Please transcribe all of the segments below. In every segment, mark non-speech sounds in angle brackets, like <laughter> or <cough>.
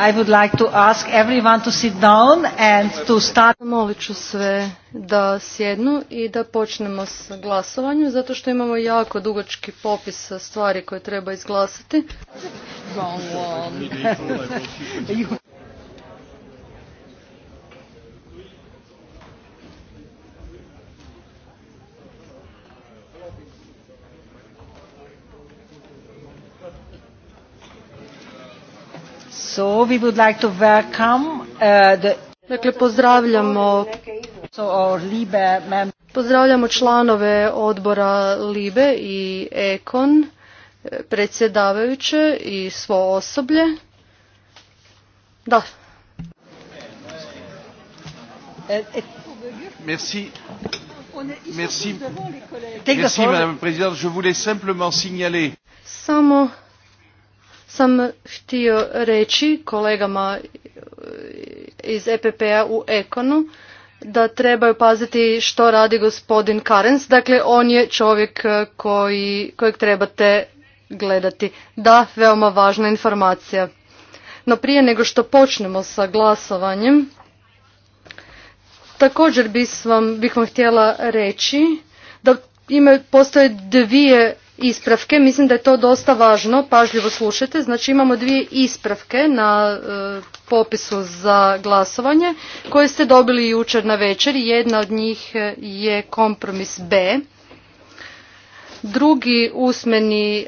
I would like to ask everyone to sit down and to start. Molit ću sve da sjednu i da počnemo s glasovanjem, zato što imamo jako dugački popis stvari koje treba izglasati. <laughs> So we would like to uh, Dakle, pozdravljamo Pozdravljamo članove odbora LIBE i EKON, eh, predsjedavajuće i svo osoblje. Da. Eh, eh, Merci. Merci. Merci, Madame Je voulais simplement signaler. Samo sam htio reći kolegama e, iz EPP-a u Ekonu da trebaju paziti što radi gospodin Karens. Dakle, on je čovjek e, koji, kojeg trebate gledati. Da, veoma važna informacija. No prije nego što počnemo sa glasovanjem, također bih vam, bih vam htjela reći da ima, postoje dvije ispravke. Mislim da je to dosta važno, pažljivo slušajte. Znači imamo dvije ispravke na e, popisu za glasovanje koje ste dobili jučer na večer. Jedna od njih e, je kompromis B. Drugi usmeni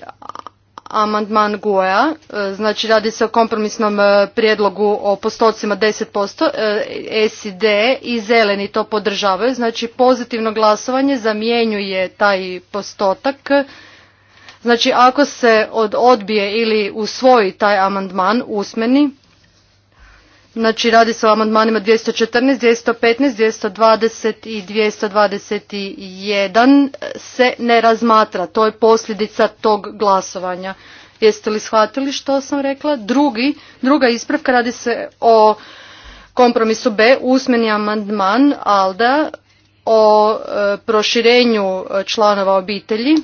amandman gue e, znači radi se o kompromisnom prijedlogu o postocima 10%, i SID i zeleni to podržavaju, znači pozitivno glasovanje zamjenjuje taj postotak Znači ako se od odbije ili usvoji taj amandman usmeni, znači radi se o amandmanima 214, 215, 220 i 221 se ne razmatra. To je posljedica tog glasovanja. Jeste li shvatili što sam rekla? Drugi, druga ispravka radi se o kompromisu B, usmeni amandman ALDA o e, proširenju članova obitelji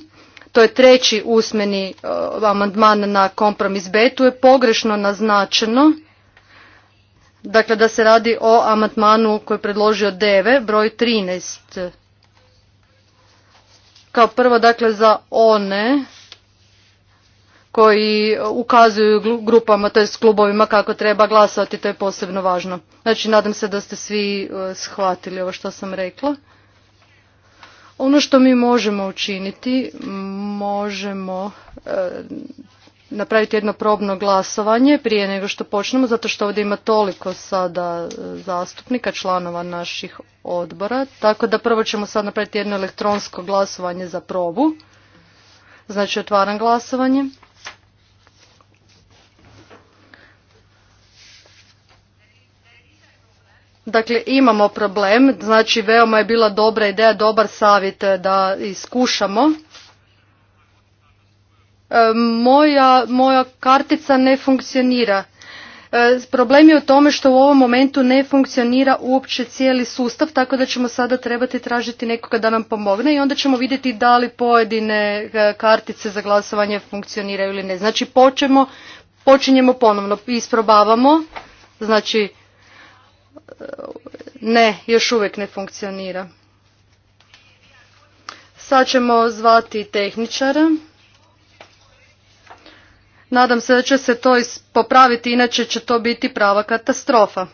to je treći usmeni e, amandman na kompromis B, tu je pogrešno naznačeno, dakle da se radi o amandmanu koji je predložio DEVE, broj 13. Kao prvo, dakle, za one koji ukazuju grupama, to klubovima kako treba glasati, to je posebno važno. Znači, nadam se da ste svi e, shvatili ovo što sam rekla. Ono što mi možemo učiniti, možemo e, napraviti jedno probno glasovanje prije nego što počnemo, zato što ovdje ima toliko sada e, zastupnika, članova naših odbora. Tako da prvo ćemo sad napraviti jedno elektronsko glasovanje za probu. Znači otvaram glasovanje. Dakle, imamo problem, znači veoma je bila dobra ideja, dobar savjet eh, da iskušamo. Eh, moja, moja kartica ne funkcionira. Eh, problem je u tome što u ovom momentu ne funkcionira uopće cijeli sustav, tako da ćemo sada trebati tražiti nekoga da nam pomogne i onda ćemo vidjeti da li pojedine kartice za glasovanje funkcioniraju ili ne. Znači počemo, počinjemo ponovno, isprobavamo, znači ne, još uvijek ne funkcionira. Sad ćemo zvati tehničara. Nadam se da će se to popraviti, inače će to biti prava katastrofa.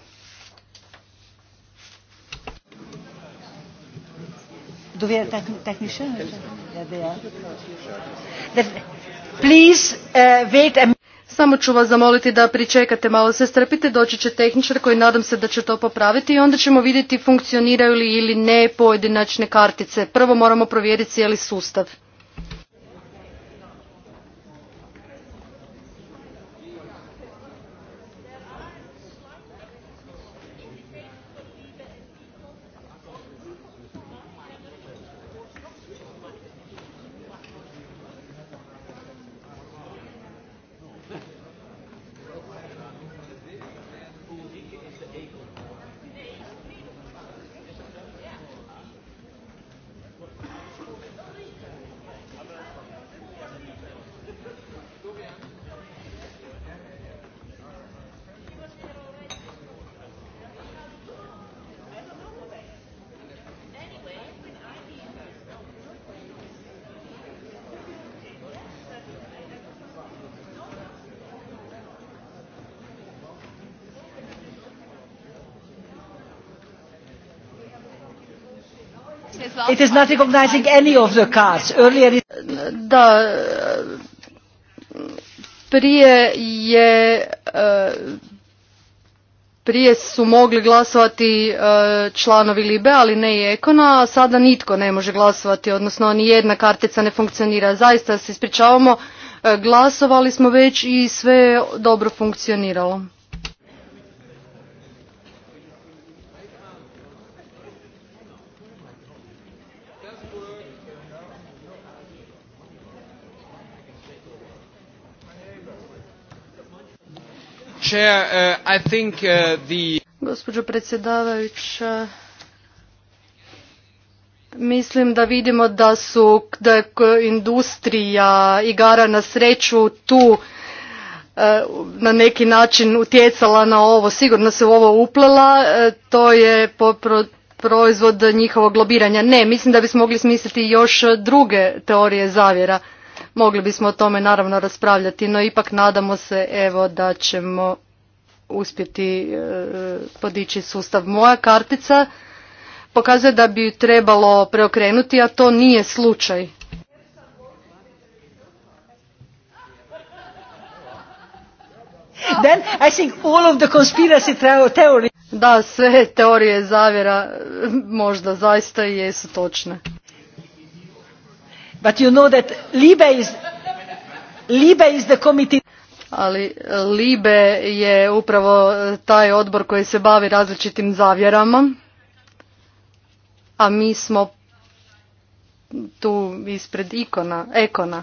Please, uh, wait a samo ću vas zamoliti da pričekate malo se strpite, doći će tehničar koji nadam se da će to popraviti i onda ćemo vidjeti funkcioniraju li ili ne pojedinačne kartice. Prvo moramo provjeriti cijeli sustav. It is not recognizing any of the cards. Earlier Da, prije je e, prije su mogli glasovati e, članovi Libe, ali ne i Ekona, a sada nitko ne može glasovati, odnosno ni jedna kartica ne funkcionira. Zaista se ispričavamo, e, glasovali smo već i sve dobro funkcioniralo. Chair, uh, I think uh, the... Gospođo predsjedavajuća, Mislim da vidimo da su da je industrija igara na sreću tu uh, na neki način utjecala na ovo, sigurno se u ovo uplela, to je proizvod njihovog lobiranja. Ne, mislim da bismo mogli smisliti još druge teorije zavjera. Mogli bismo o tome naravno raspravljati, no ipak nadamo se evo da ćemo uspjeti e, podići sustav. Moja kartica pokazuje da bi trebalo preokrenuti, a to nije slučaj. Then I think all of the conspiracy Da, sve teorije zavjera e, možda zaista jesu točne. But Libe Ali Libe je upravo eh, taj odbor koji se bavi različitim zavjerama, a mi smo tu ispred ikona, ekona.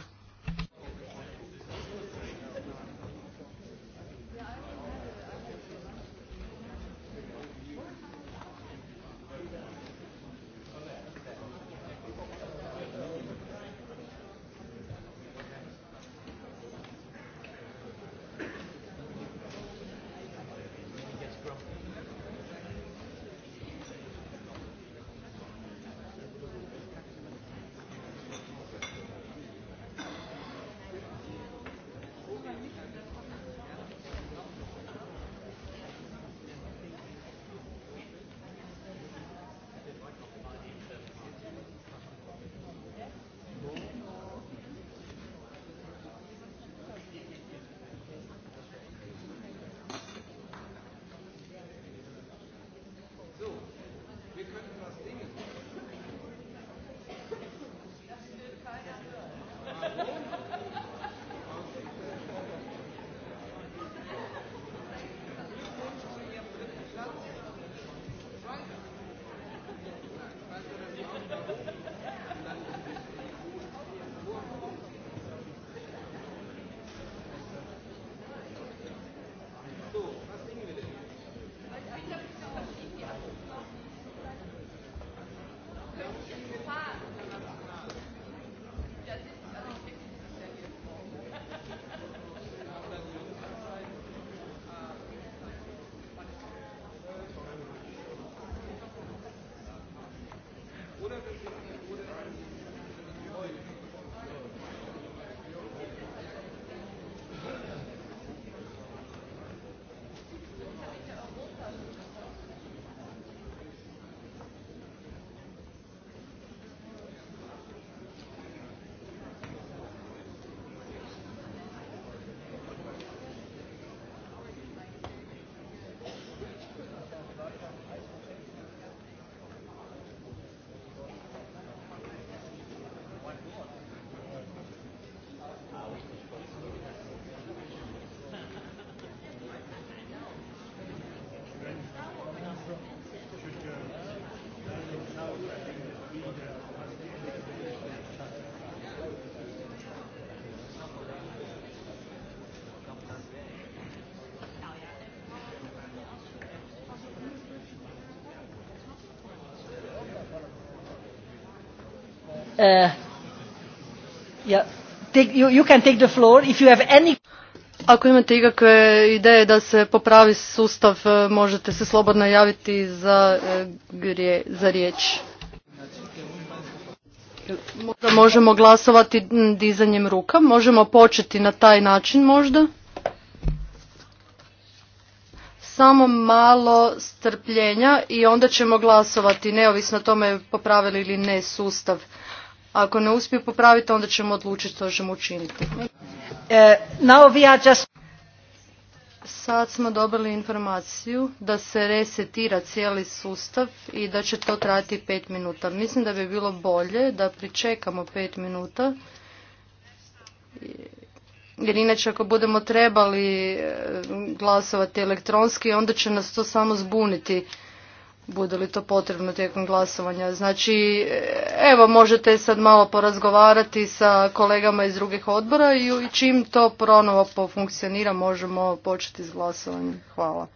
you, Ako imate ikakve ideje da se popravi sustav, uh, možete se slobodno javiti za, uh, za riječ. Možda možemo glasovati mm, dizanjem ruka, možemo početi na taj način možda. Samo malo strpljenja i onda ćemo glasovati, neovisno o tome popravili ili ne sustav. Ako ne uspiju popraviti, onda ćemo odlučiti što ćemo učiniti. E, Sad smo dobili informaciju da se resetira cijeli sustav i da će to trati pet minuta. Mislim da bi bilo bolje da pričekamo pet minuta, jer inače ako budemo trebali e, glasovati elektronski, onda će nas to samo zbuniti bude li to potrebno tijekom glasovanja. Znači, evo, možete sad malo porazgovarati sa kolegama iz drugih odbora i čim to pronovo pofunkcionira možemo početi s glasovanjem. Hvala.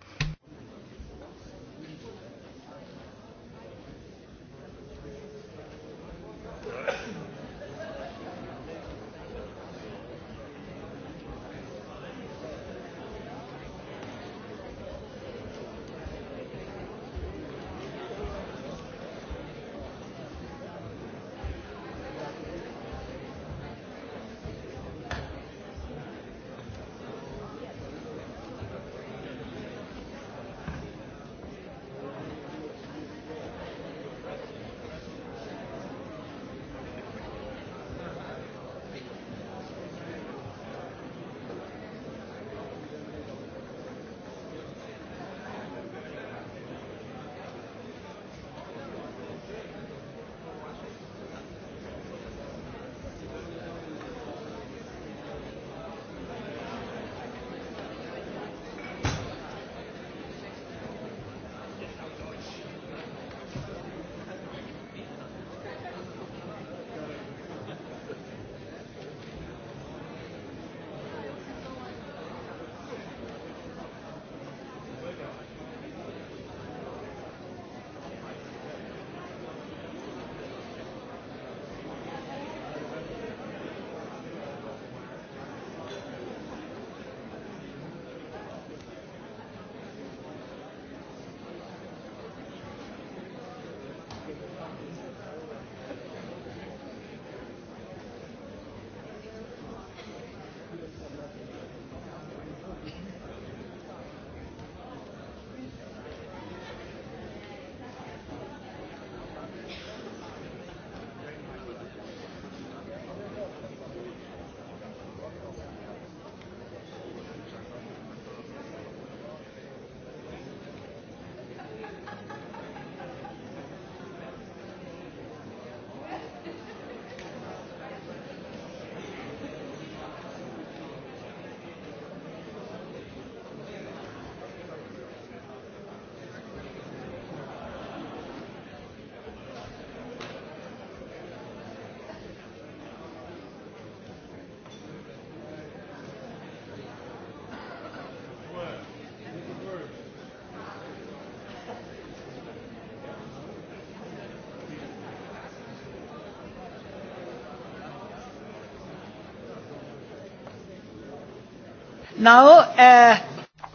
Now, eh...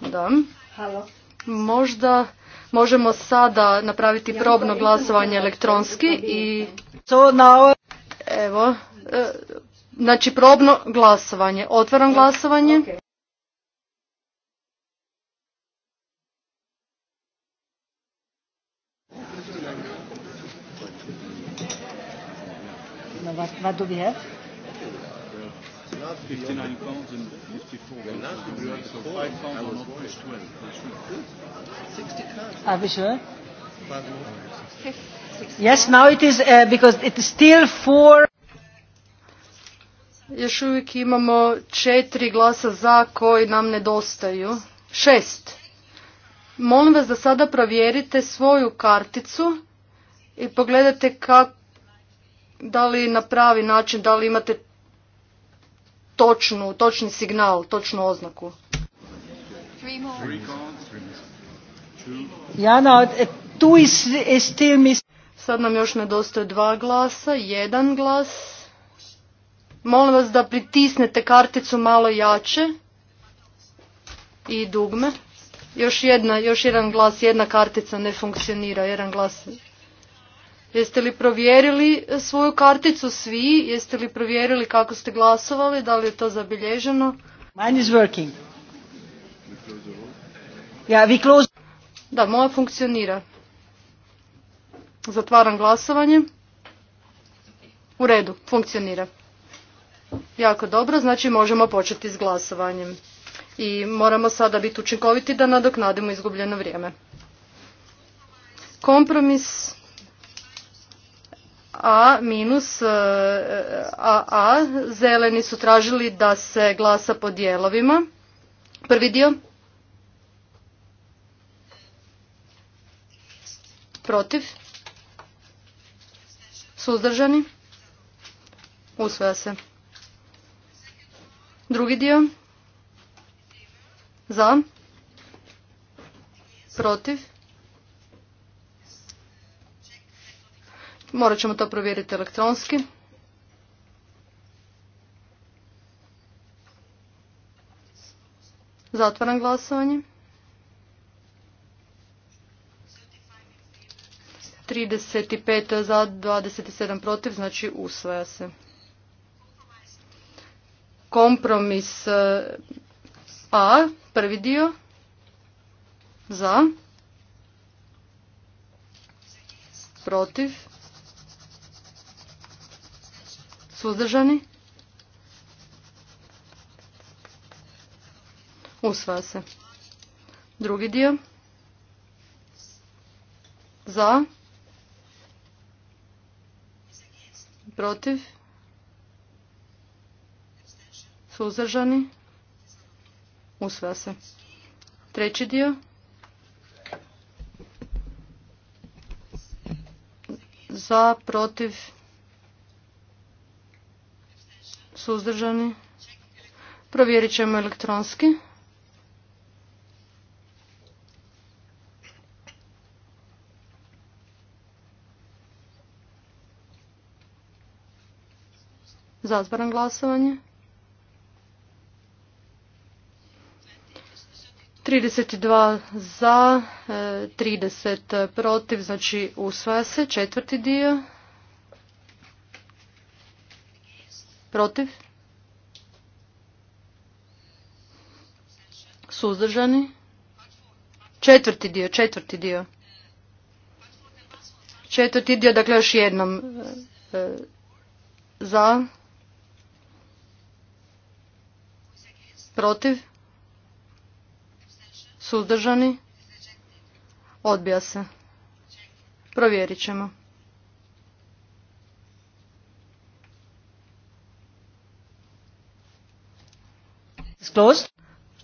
Da. Halo. Možda možemo sada napraviti probno glasovanje elektronski i... to now... Evo, eh, znači probno glasovanje. Otvaram glasovanje. Na vad 59 pounds and 54 pounds. So 5 pounds are ah, not plus 12. Are we sure? Yes, now it is uh, because it is still four. Još uvijek imamo četiri glasa za koji nam nedostaju. Šest. Molim vas da sada provjerite svoju karticu i pogledajte kako da li na pravi način, da li imate točnu, točni signal, točnu oznaku. Jana, tu Sad nam još nedostaje dva glasa, jedan glas. Molim vas da pritisnete karticu malo jače i dugme. Još, jedna, još jedan glas, jedna kartica ne funkcionira, jedan glas Jeste li provjerili svoju karticu svi? Jeste li provjerili kako ste glasovali? Da li je to zabilježeno? Mine is working. Yeah, vi close. Da, moja funkcionira. Zatvaram glasovanje. U redu, funkcionira. Jako dobro, znači možemo početi s glasovanjem. I moramo sada biti učinkoviti da nadoknadimo izgubljeno vrijeme. Kompromis a minus AA e, e, zeleni su tražili da se glasa po dijelovima. Prvi dio. Protiv. Suzdržani. Usvaja se. Drugi dio. Za. Protiv. Morat ćemo to provjeriti elektronski. Zatvaram glasovanje. 35 za, 27 protiv, znači usvaja se. Kompromis eh, A, prvi dio, za, protiv, Suzdržani? Usvaja se. Drugi dio. Za. Protiv. Suzdržani. Usvaja se. Treći dio. Za, protiv, suzdržani. Provjerit ćemo elektronski. Zatvaram glasovanje. 32 za, 30 e, protiv, znači usvaja se četvrti dio. Protiv? Suzdržani? Četvrti dio, četvrti dio. Četvrti dio, dakle još jednom. E, e, za? Protiv? Suzdržani? Odbija se. Provjerit ćemo.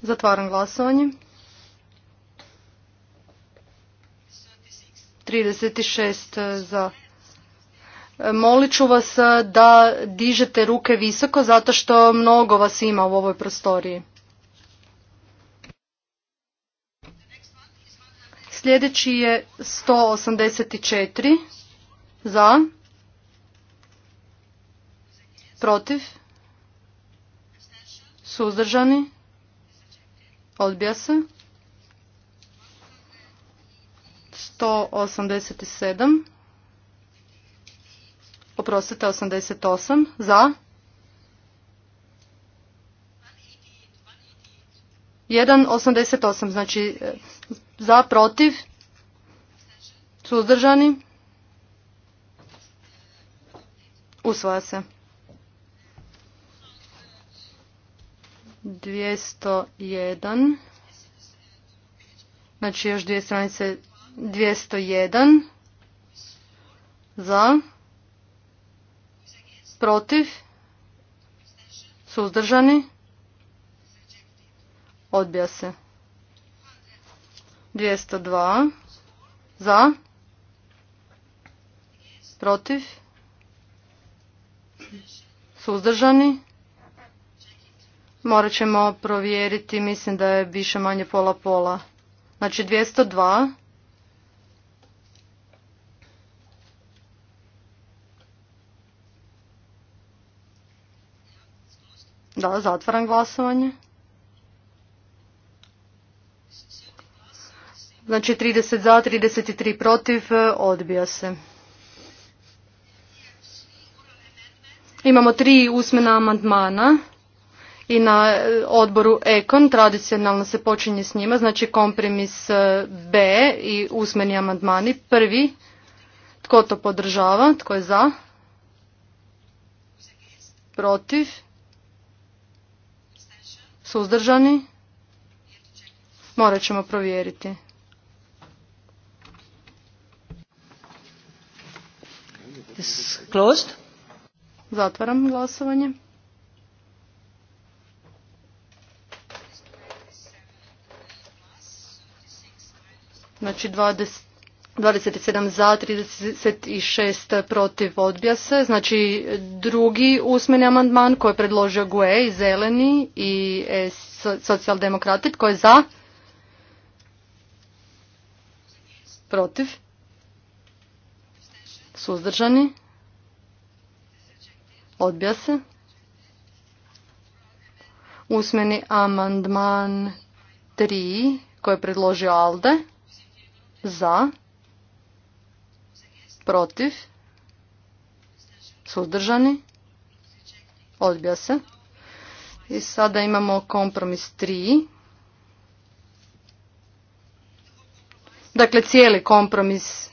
Zatvaram glasovanje. 36 eh, za. Eh, molit ću vas eh, da dižete ruke visoko zato što mnogo vas ima u ovoj prostoriji. Sljedeći je 184 za, protiv, Suzdržani? Odbija se. 187. Oprostite, 88. Za? Jedan osamdeset znači e, za, protiv, suzdržani, usvaja se. 201. Znači još dvije stranice 201 za protiv suzdržani odbija se 202 za protiv suzdržani Morat ćemo provjeriti, mislim da je više manje pola pola. Znači 202. Da, zatvaram glasovanje. Znači 30 za, 33 protiv, odbija se. Imamo tri usmena amandmana i na odboru Ekon tradicionalno se počinje s njima, znači kompromis e, B i usmeni amandmani. Prvi, tko to podržava, tko je za, protiv, suzdržani, morat ćemo provjeriti. Zatvaram glasovanje. Znači 20, 27 za, 36 protiv odbija se. Znači drugi usmeni amandman koji je predložio GUE i Zeleni i e, socijaldemokrati. koji je za? Protiv? Suzdržani? Odbija se. Usmeni amandman 3 koji je predložio ALDE za, protiv, suzdržani, odbija se. I sada imamo kompromis 3. Dakle, cijeli kompromis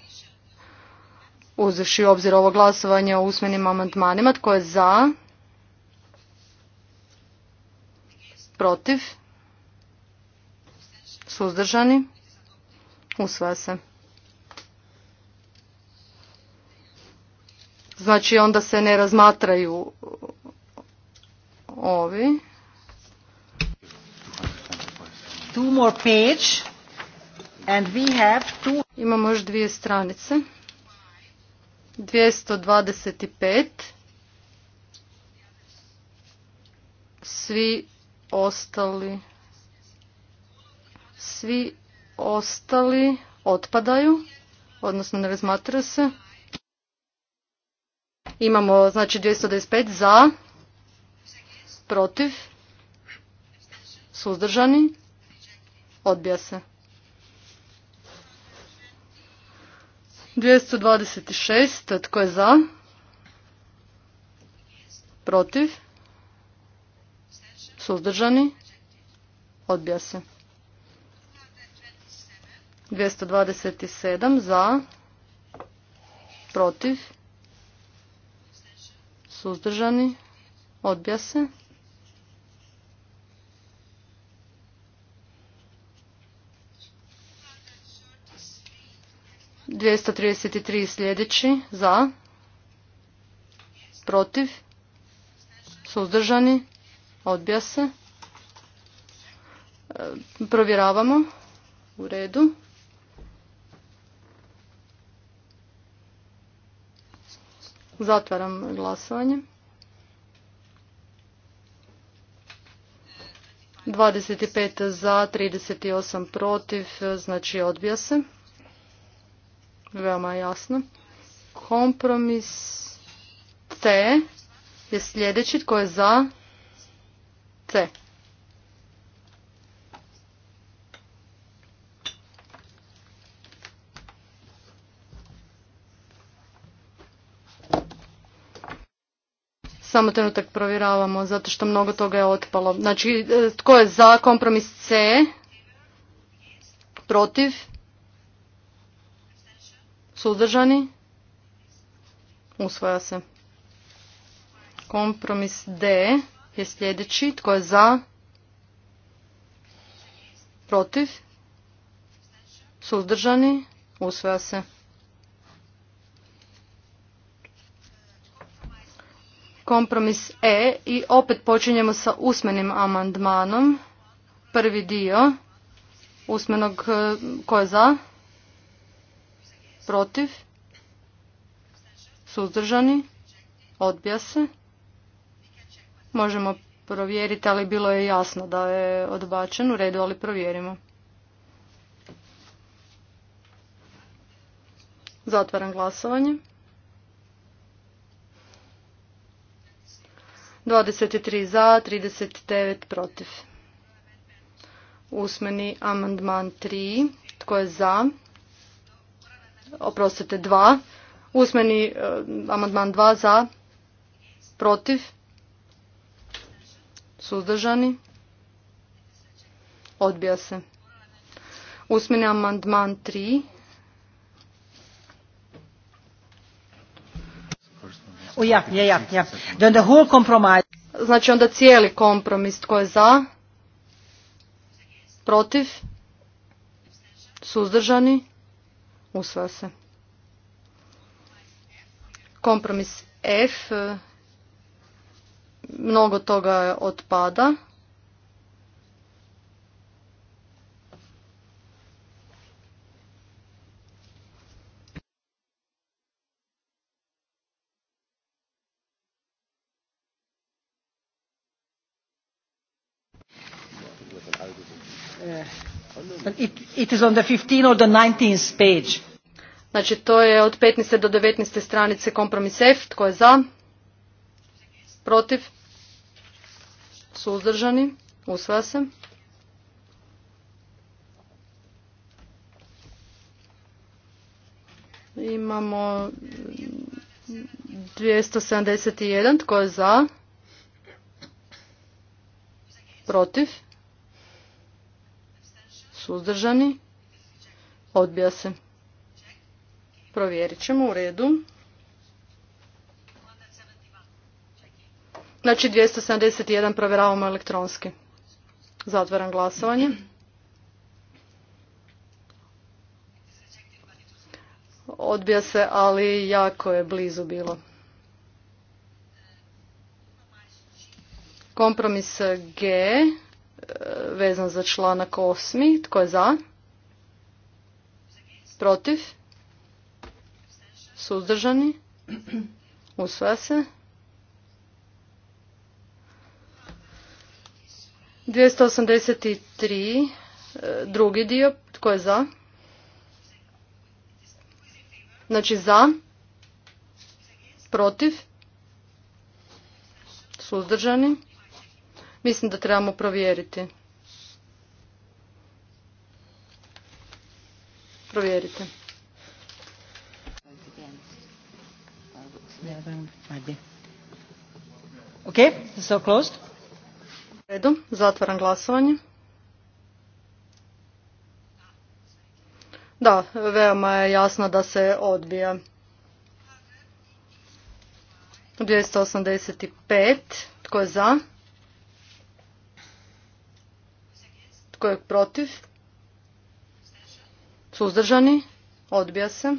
uzevši obzir ovo glasovanje o usmenim amandmanima. Tko je za? Protiv? Suzdržani? Usvaja se. Znači onda se ne razmatraju ovi. Two more page and we have two... Imamo još dvije stranice. 225. Svi ostali svi ostali otpadaju, odnosno ne razmatraju se. Imamo znači 225 za, protiv, suzdržani, odbija se. 226, tko je za, protiv, suzdržani, odbija se. 227 za, protiv, suzdržani, odbija se. Dvjesto trideset tri sljedeći za protiv suzdržani odbija se e, provjeravamo u redu Zatvaram glasovanje. 25 za, 38 protiv, znači odbija se. Veoma jasno. Kompromis C je sljedeći, tko je za? C. Samo trenutak provjeravamo, zato što mnogo toga je otpalo. Znači, e, tko je za kompromis C? Protiv? Suzdržani? Usvaja se. Kompromis D je sljedeći. Tko je za? Protiv? Suzdržani? Usvaja se. kompromis E i opet počinjemo sa usmenim amandmanom. Prvi dio usmenog e, ko je za? Protiv? Suzdržani? Odbija se? Možemo provjeriti, ali bilo je jasno da je odbačen. U redu, ali provjerimo. Zatvaram glasovanje. 23 za, 39 protiv. Usmeni amandman 3. Tko je za? Oprostite, 2. Usmeni e, amandman 2 za, protiv, suzdržani, odbija se. Usmeni amandman 3 ja, Znači onda cijeli kompromis tko je za, protiv, suzdržani, usvaja se. Kompromis F, mnogo toga otpada, Uh, it, is on the 15 or the 19 page. Znači to je od 15. do 19. stranice kompromis F. Tko je za? Protiv? Suzdržani? Usva se. Imamo 271. Tko je za? Protiv? Suzdržani? Odbija se. Provjerit ćemo u redu. Znači 271 provjeravamo elektronski. Zatvaram glasovanje. Odbija se, ali jako je blizu bilo. Kompromis G vezan za članak osmi. Tko je za? Protiv? Suzdržani? Usvaja se. 283. Drugi dio. Tko je za? Znači za? Protiv? Suzdržani? Mislim da trebamo provjeriti. Provjerite. Ok, so closed. Redu, zatvaram glasovanje. Da, veoma je jasno da se odbija. 285. Tko je za? Tko je protiv? Suzdržani? Odbija se.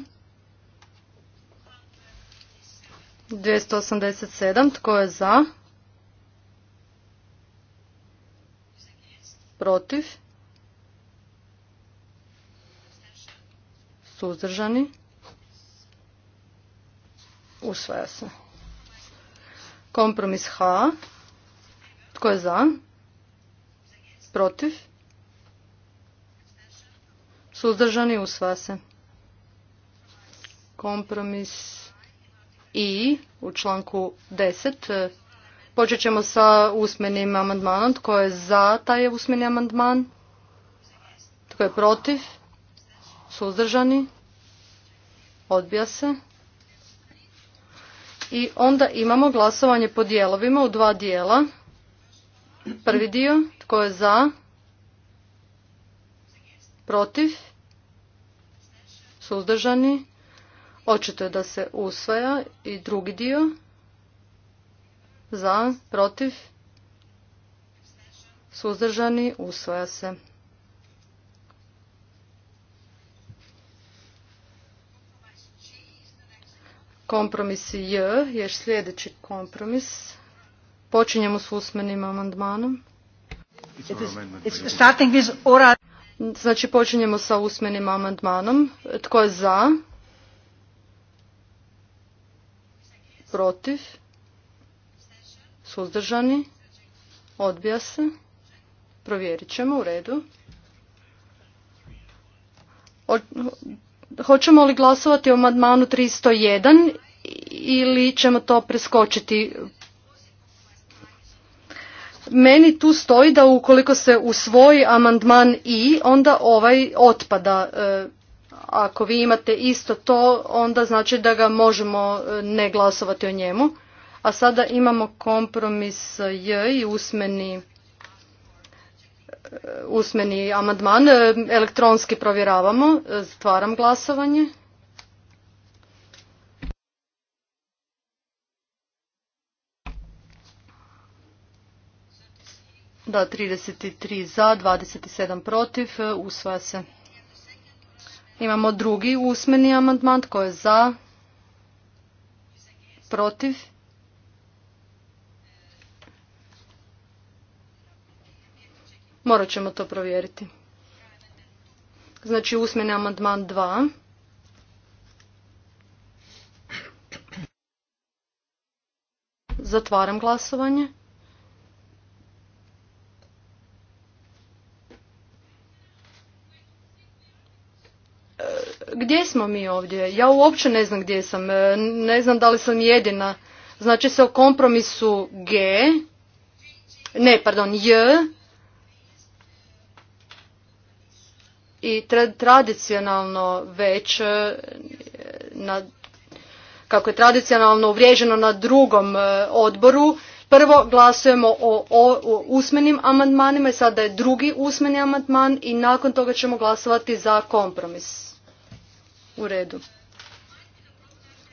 287. Tko je za? Protiv? Suzdržani? Usvaja se. Kompromis H. Tko je za? Protiv? Suzdržani usvaja se. Kompromis i u članku 10. Počet ćemo sa usmenim amandmanom. Tko je za taj usmeni amandman? Tko je protiv? Suzdržani? Odbija se. I onda imamo glasovanje po dijelovima u dva dijela. Prvi dio, tko je za? Protiv? suzdržani, očito je da se usvaja i drugi dio za, protiv, suzdržani, usvaja se. Kompromis J je sljedeći kompromis. Počinjemo s usmenim amandmanom. Znači počinjemo sa usmenim amandmanom. Tko je za? Protiv? Suzdržani? Odbija se? Provjerit ćemo u redu. Hoćemo li glasovati o amandmanu 301 ili ćemo to preskočiti? meni tu stoji da ukoliko se usvoji amandman i onda ovaj otpada. E, ako vi imate isto to, onda znači da ga možemo e, ne glasovati o njemu. A sada imamo kompromis J i usmeni e, usmeni amandman. Elektronski provjeravamo. stvaram glasovanje. Da, 33 za, 27 protiv, e, usvaja se. Imamo drugi usmeni amandman, tko je za, protiv. Morat ćemo to provjeriti. Znači usmeni amandman 2. Zatvaram glasovanje. gdje smo mi ovdje? Ja uopće ne znam gdje sam, e, ne znam da li sam jedina. Znači se o kompromisu G, ne, pardon, J, i tradicionalno već e, na, kako je tradicionalno uvriježeno na drugom e, odboru, prvo glasujemo o, o usmenim amandmanima i sada je drugi usmeni amandman i nakon toga ćemo glasovati za kompromis. U redu.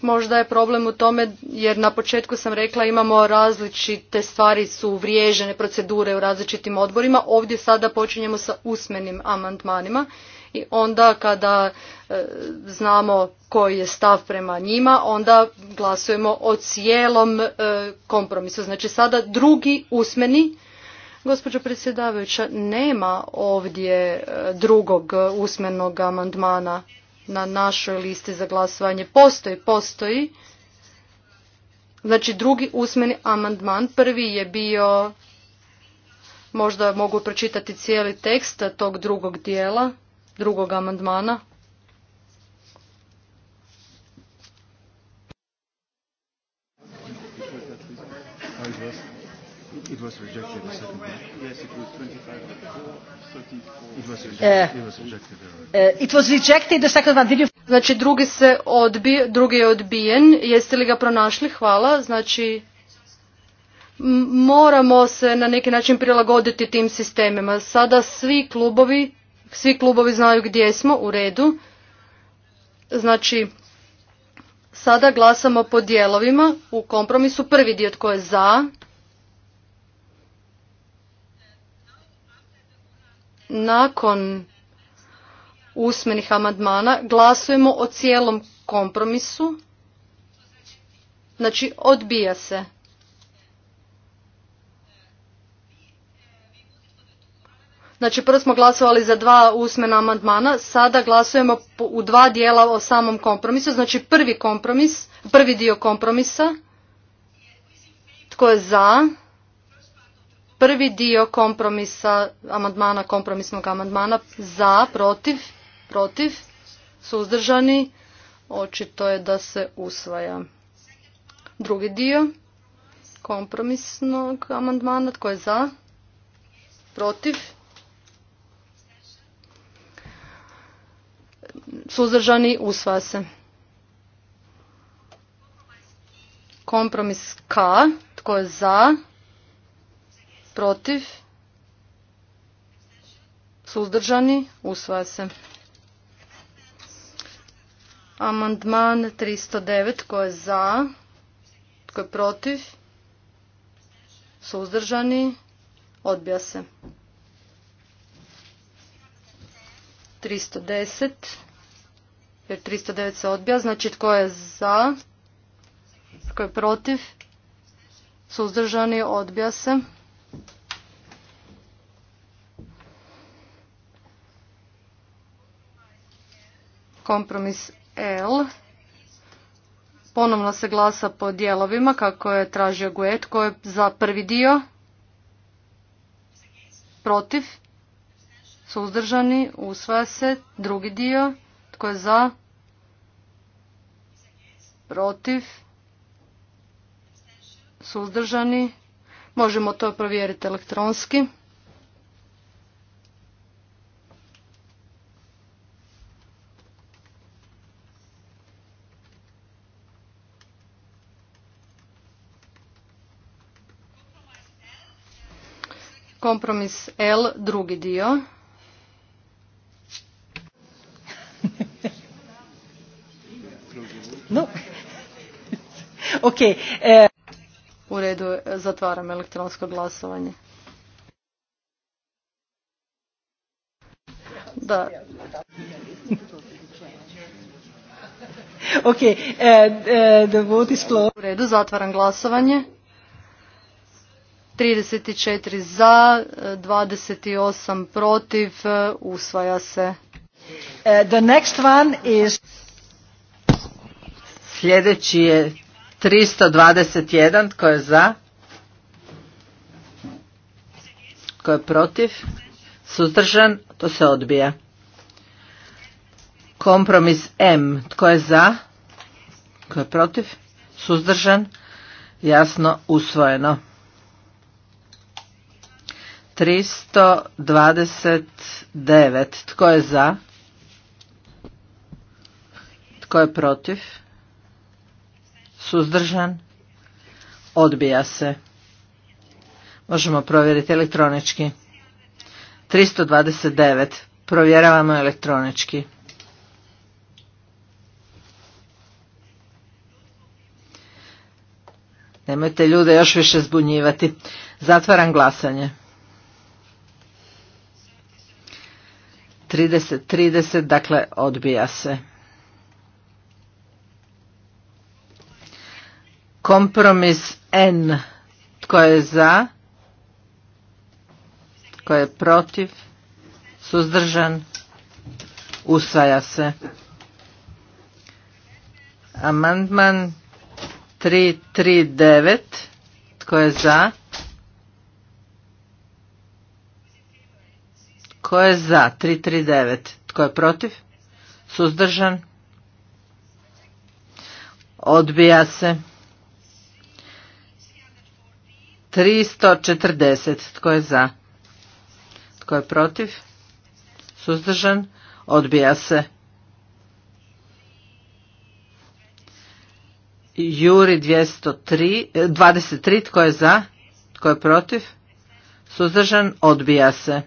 Možda je problem u tome jer na početku sam rekla imamo različite stvari su vriježene procedure u različitim odborima. Ovdje sada počinjemo sa usmenim amandmanima i onda kada e, znamo koji je stav prema njima onda glasujemo o cijelom e, kompromisu. Znači sada drugi usmeni Gospođo predsjedavajuća, nema ovdje e, drugog usmenog amandmana na našoj listi za glasovanje. Postoji, postoji. Znači drugi usmeni amandman. Prvi je bio, možda mogu pročitati cijeli tekst tog drugog dijela, drugog amandmana. It was rejected. The second Yes, it was 25 eh, eh, It was rejected. The second Znači drugi se odbi, drugi je odbijen. Jeste li ga pronašli? Hvala. Znači moramo se na neki način prilagoditi tim sistemima. Sada svi klubovi, svi klubovi znaju gdje smo u redu. Znači sada glasamo po dijelovima u kompromisu. Prvi dio tko je za, nakon usmenih amandmana glasujemo o cijelom kompromisu. Znači odbija se. Znači prvo smo glasovali za dva usmena amandmana, sada glasujemo u dva dijela o samom kompromisu, znači prvi kompromis, prvi dio kompromisa. Tko je za? Prvi dio kompromisa, amandmana, kompromisnog amandmana za, protiv, protiv, suzdržani, očito je da se usvaja. Drugi dio kompromisnog amandmana, tko je za, protiv, suzdržani, usvaja se. Kompromis K, tko je za, protiv, suzdržani, usvaja se. Amandman 309, tko je za, tko je protiv, suzdržani, odbija se. 310, jer 309 se odbija, znači tko je za, tko je protiv, suzdržani, odbija se. Kompromis L. Ponovno se glasa po dijelovima kako je tražio Guet. Tko je za prvi dio? Protiv? Suzdržani? Usvaja se. Drugi dio? Tko je za? Protiv? Suzdržani? Možemo to provjeriti elektronski. Kompromis L, drugi dio. No. <laughs> Okay. E, U redu, zatvaram elektronsko glasovanje. Da. <laughs> Ok, e, e, U redu, zatvaram glasovanje. 34 za, 28 protiv, e, usvaja se. E, the next one is... Sljedeći je 321, tko je za? Tko je protiv? Suzdržan, to se odbija. Kompromis M, tko je za? Tko je protiv? Suzdržan, jasno usvojeno. 329. Tko je za? Tko je protiv? Suzdržan? Odbija se. Možemo provjeriti elektronički. 329. Provjeravamo elektronički. Nemojte ljude još više zbunjivati. Zatvaram glasanje. 30, 30, dakle odbija se. Kompromis N, tko je za, tko je protiv, suzdržan, usvaja se. Amandman 339, tko je za, Tko je za? 339. Tko je protiv? Suzdržan? Odbija se. 340. Tko je za? Tko je protiv? Suzdržan? Odbija se. Juri 203, 23. Tko je za? Tko je protiv? Suzdržan? Odbija se.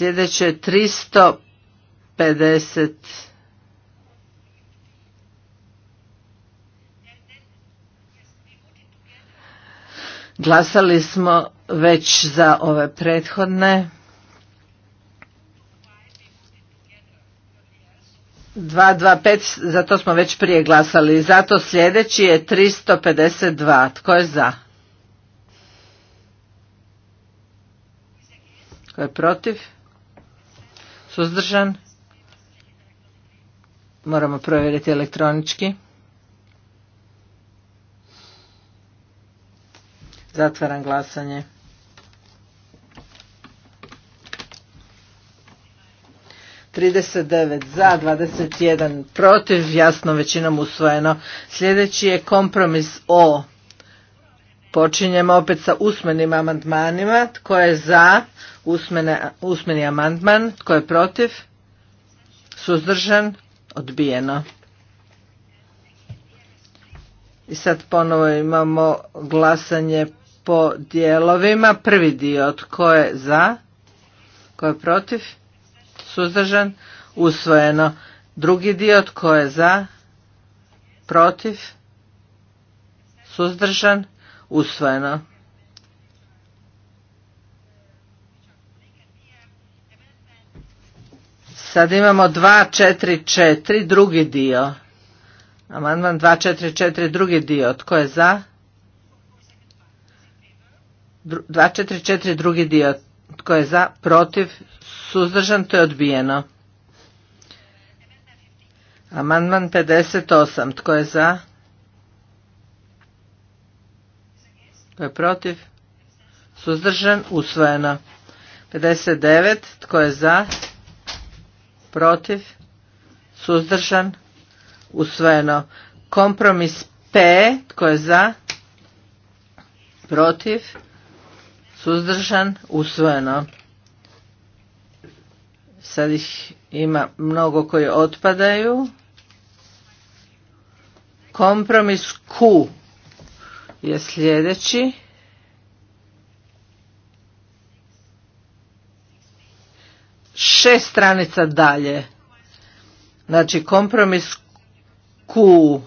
Sljedeće je 350 Glasali smo već za ove prethodne. 225, pet, zato smo već prije glasali. Zato sljedeći je 352. Tko je za? Tko je protiv? Suzdržan? Moramo provjeriti elektronički. Zatvaram glasanje. Trideset devet za, dvadeset jedan protiv, jasno većinom usvojeno. Sljedeći je kompromis o Počinjemo opet sa usmenim amandmanima. Tko je za usmene, usmeni amandman? Tko je protiv? Suzdržan? Odbijeno. I sad ponovo imamo glasanje po dijelovima. Prvi dio tko je za, tko je protiv, suzdržan, usvojeno. Drugi dio tko je za, protiv, suzdržan, usvojena. Sad imamo 244, drugi dio. Amandman 244, drugi dio. Tko je za? 244, drugi dio. Tko je za? Protiv? Suzdržan? To je odbijeno. Amandman 58. Tko je za? Tko je protiv? Suzdržan? Usvojeno. 59. Tko je za? Protiv? Suzdržan? Usvojeno. Kompromis P. Tko je za? Protiv? Suzdržan? Usvojeno. Sad ih ima mnogo koji otpadaju. Kompromis Q je sljedeći. Šest stranica dalje. Znači kompromis Q.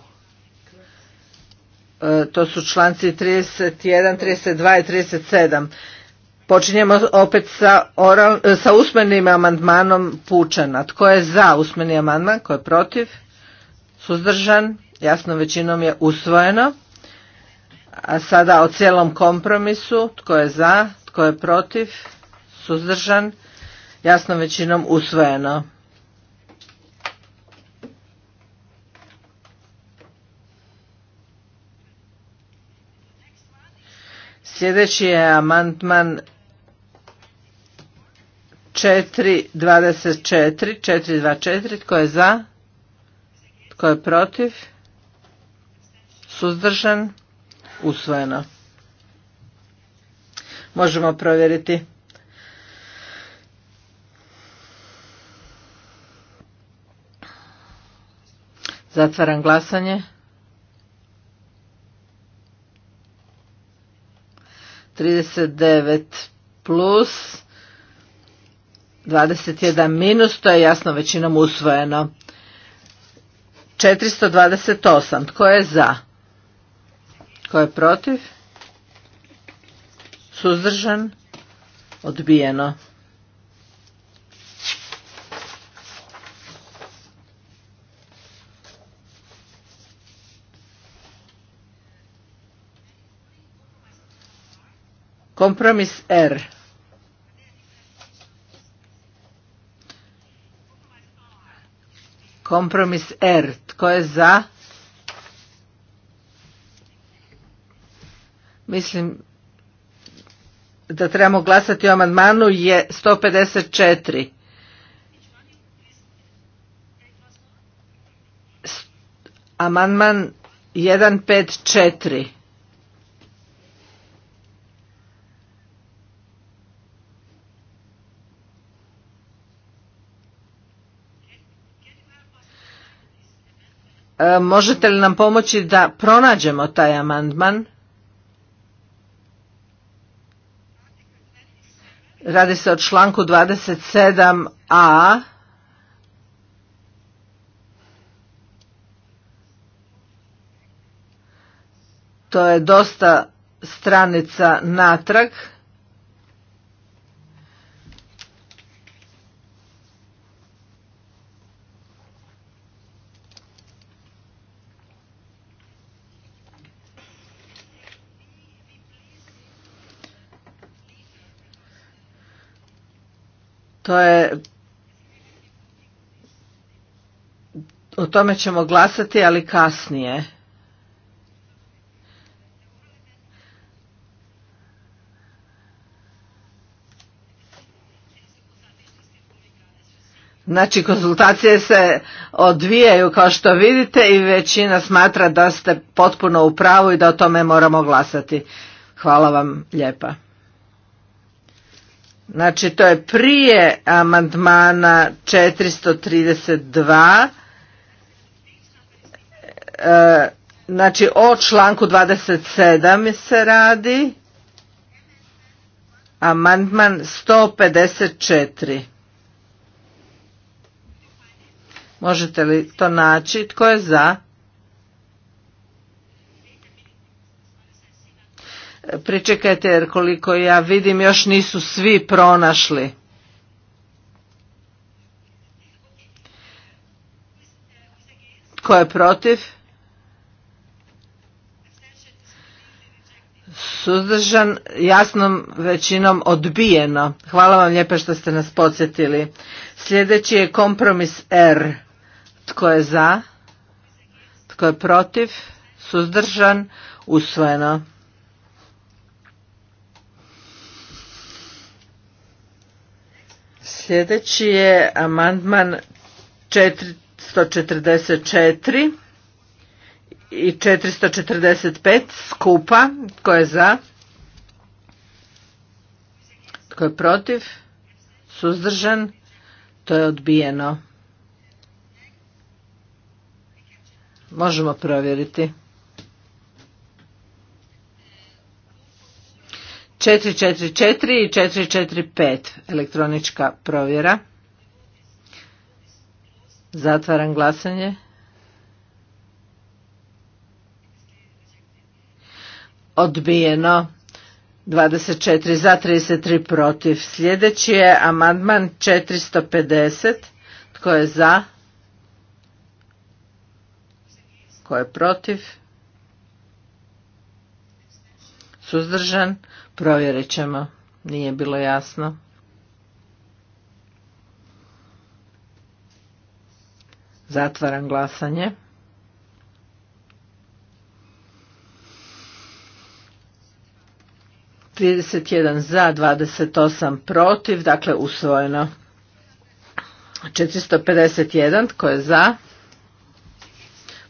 E, to su članci 31, 32 i 37. Počinjemo opet sa, e, sa usmenim amandmanom Pučana. Tko je za usmeni amandman? Tko je protiv? Suzdržan? Jasno većinom je usvojeno. A sada o cijelom kompromisu, tko je za, tko je protiv, suzdržan, jasnom većinom usvojeno. Sljedeći je amantman 424, 424, tko je za, tko je protiv, suzdržan, usvojeno. Možemo provjeriti. Zatvaram glasanje. 39 plus 21 minus, to je jasno većinom usvojeno. 428, tko je za? Tko je protiv? Suzdržan? Odbijeno. Kompromis R. Kompromis R. Tko je za? Mislim da trebamo glasati o amandmanu je 154. Amandman 154. E, možete li nam pomoći da pronađemo taj amandman? Radi se o članku 27a. To je dosta stranica natrag. To je o tome ćemo glasati, ali kasnije. Znači, konzultacije se odvijaju kao što vidite i većina smatra da ste potpuno u pravu i da o tome moramo glasati. Hvala vam lijepa. Znači to je prije amandmana 432 e, znači o članku 27 se radi amandman 154 možete li to naći tko je za Pričekajte jer koliko ja vidim još nisu svi pronašli. Tko je protiv? Suzdržan jasnom većinom odbijeno. Hvala vam lijepa što ste nas podsjetili. Sljedeći je kompromis R. Tko je za? Tko je protiv? Suzdržan? Usvojeno. Sljedeći je amandman 444 i 445 skupa. Tko je za? Tko je protiv? Suzdržan? To je odbijeno. Možemo provjeriti. 444 i 445 elektronička provjera. Zatvaram glasanje. Odbijeno. 24 za, 33 protiv. Sljedeći je amandman 450. Tko je za? Tko je protiv? Suzdržan? Provjerit ćemo. Nije bilo jasno. Zatvaram glasanje. Trideset jedan za, dvadeset osam protiv, dakle usvojeno. Četiristo pedeset jedan, tko je za?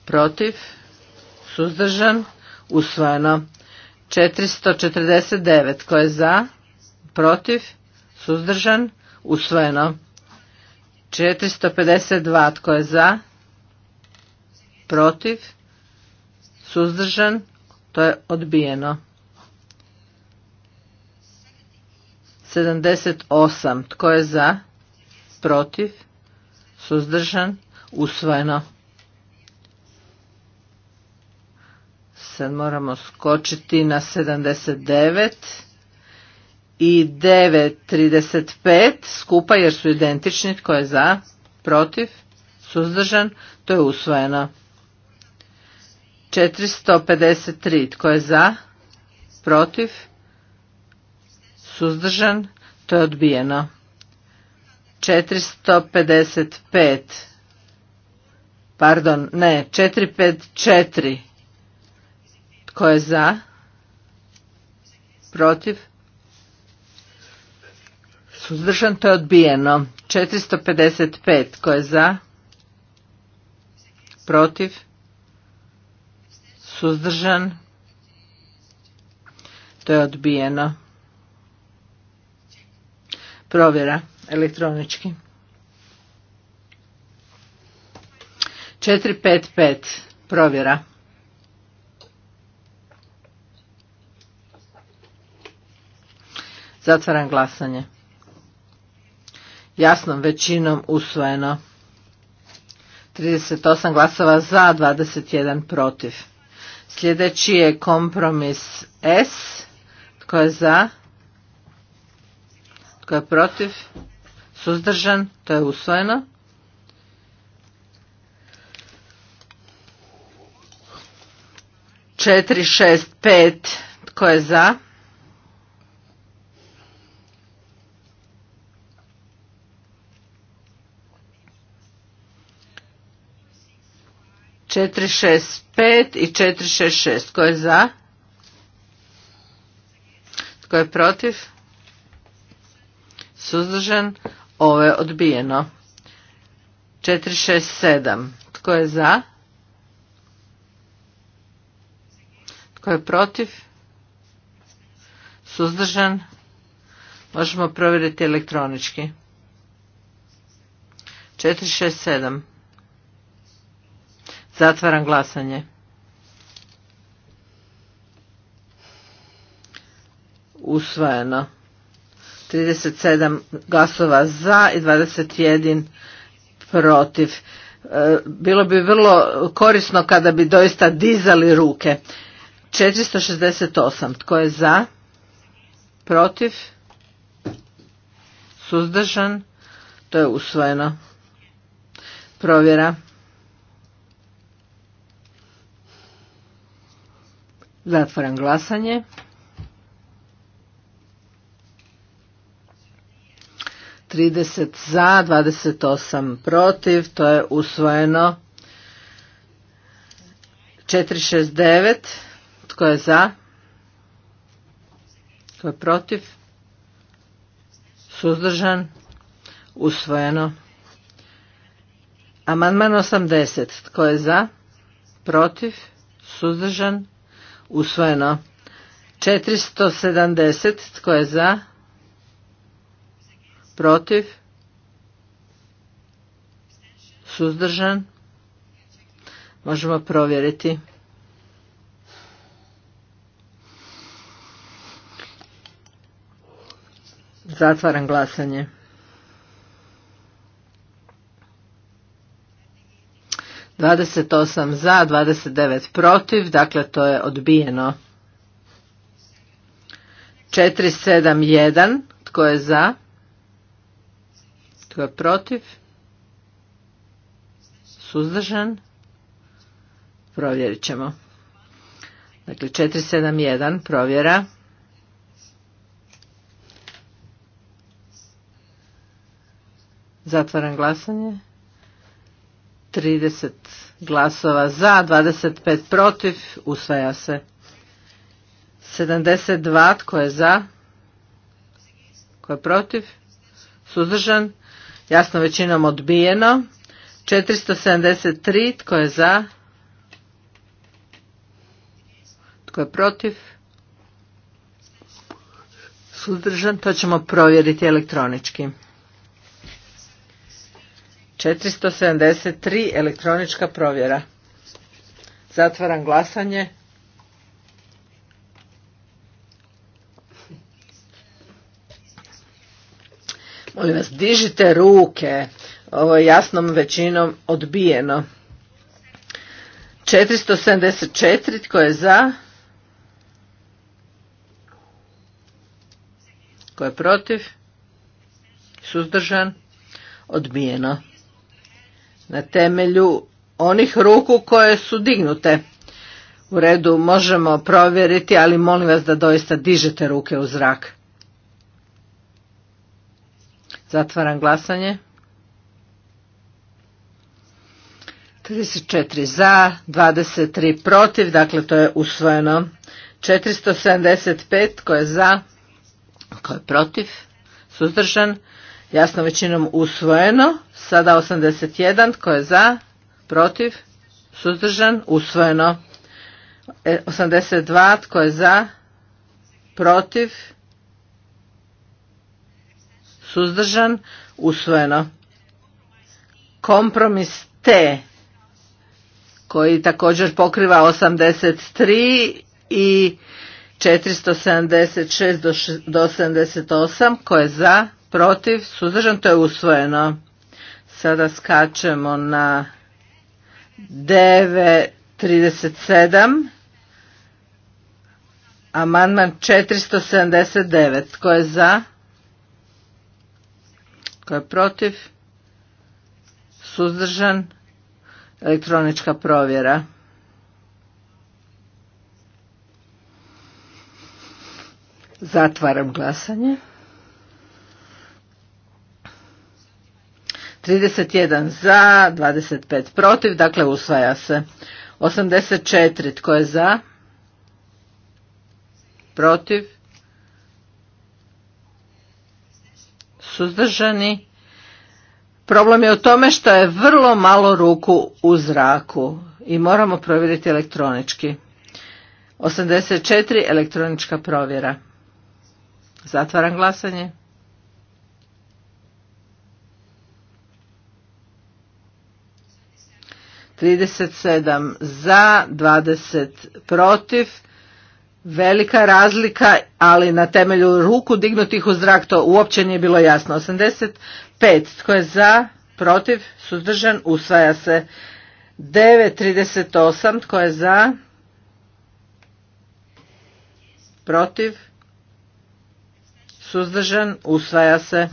Protiv, suzdržan, usvojeno. 449 tko je za, protiv, suzdržan, usvojeno. 452 tko je za, protiv, suzdržan, to je odbijeno. 78 tko je za, protiv, suzdržan, usvojeno. Sad moramo skočiti na 79 i 9.35 skupa jer su identični. Tko je za? Protiv? Suzdržan? To je usvojeno. 453. Tko je za? Protiv? Suzdržan? To je odbijeno. 455. Pardon, ne, 454. Tko je za? Protiv? Suzdržan to je odbijeno. 455. Tko je za? Protiv? Suzdržan? To je odbijeno. Provjera elektronički. 455. Provjera. Zatvaram glasanje. Jasnom većinom usvojeno. 38 glasova za, 21 protiv. Sljedeći je kompromis S. Tko je za? Tko je protiv? Suzdržan? To je usvojeno. Četiri, šest, pet. Tko je za? 465 i 466. Tko je za? Tko je protiv? Suzdržan? Ovo je odbijeno. 467. Tko je za? Tko je protiv? Suzdržan? Možemo provjeriti elektronički. 467. Zatvaram glasanje. Usvojeno. 37 glasova za i 21 protiv. E, bilo bi vrlo korisno kada bi doista dizali ruke. 468. Tko je za? Protiv? Suzdržan? To je usvojeno. Provjera. Zatvoram glasanje. Trideset za, dvadeset osam protiv, to je usvojeno. Četiri šest devet. Tko je za? Tko je protiv? Suzdržan? Usvojeno. Amandman osamdeset Tko je za? Protiv? Suzdržan? usvojeno. 470 tko je za? Protiv? Suzdržan? Možemo provjeriti. Zatvaram glasanje. 28 za, 29 protiv, dakle to je odbijeno. 471, tko je za? Tko je protiv? Suzdržan? Provjerit ćemo. Dakle, 471, provjera. Zatvaram glasanje. 30 glasova za, 25 protiv, usvaja se. 72 tko je za, tko je protiv, suzdržan, jasno većinom odbijeno. 473 tko je za, tko je protiv, suzdržan, to ćemo provjeriti elektronički. 473 elektronička provjera. Zatvaram glasanje. Molim vas, dižite ruke. Ovo je jasnom većinom odbijeno. 474, tko je za? Tko je protiv? Suzdržan? Odbijeno na temelju onih ruku koje su dignute. U redu možemo provjeriti, ali molim vas da doista dižete ruke u zrak. Zatvaram glasanje. 34 za, 23 protiv, dakle to je usvojeno. 475 koje je za, koje je protiv, suzdržan, jasno većinom usvojeno. Sada 81, tko je za, protiv, suzdržan, usvojeno. 82, e, tko je za, protiv, suzdržan, usvojeno. Kompromis T, koji također pokriva 83 i 476 do 78, koje je za, protiv, suzdržan, to je usvojeno. Sada skačemo na 9.37, amandman 479, tko je za, tko je protiv, suzdržan, elektronička provjera. Zatvaram glasanje. 31 za, 25 protiv, dakle usvaja se. 84 tko je za? Protiv? Suzdržani? Problem je u tome što je vrlo malo ruku u zraku i moramo provjeriti elektronički. 84 elektronička provjera. Zatvaram glasanje. 37 za, 20 protiv. Velika razlika, ali na temelju ruku dignutih u zrak to uopće nije bilo jasno. 85 tko je za, protiv, suzdržan, usvaja se. 9.38 tko je za, protiv, suzdržan, usvaja se.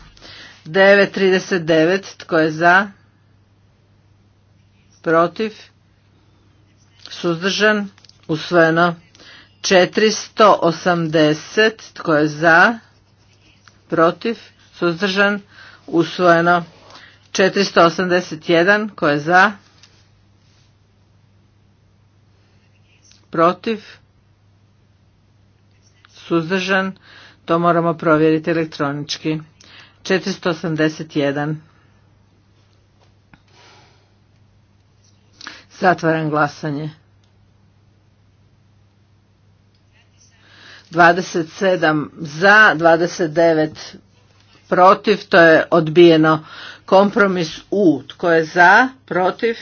9.39 tko je za, protiv, suzdržan, usvojeno. 480, tko je za, protiv, suzdržan, usvojeno. 481, tko je za, protiv, suzdržan, to moramo provjeriti elektronički. 481. Zatvaram glasanje. 27 za, 29 protiv, to je odbijeno kompromis U. Tko je za, protiv,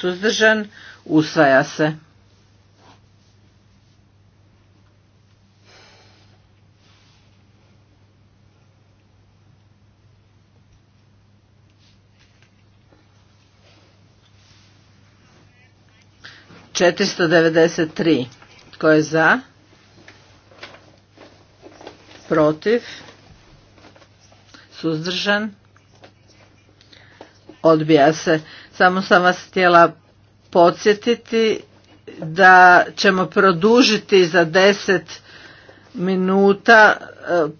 suzdržan, usvaja se. 493. Tko je za? Protiv? Suzdržan? Odbija se. Samo sam vas htjela podsjetiti da ćemo produžiti za 10 minuta. E,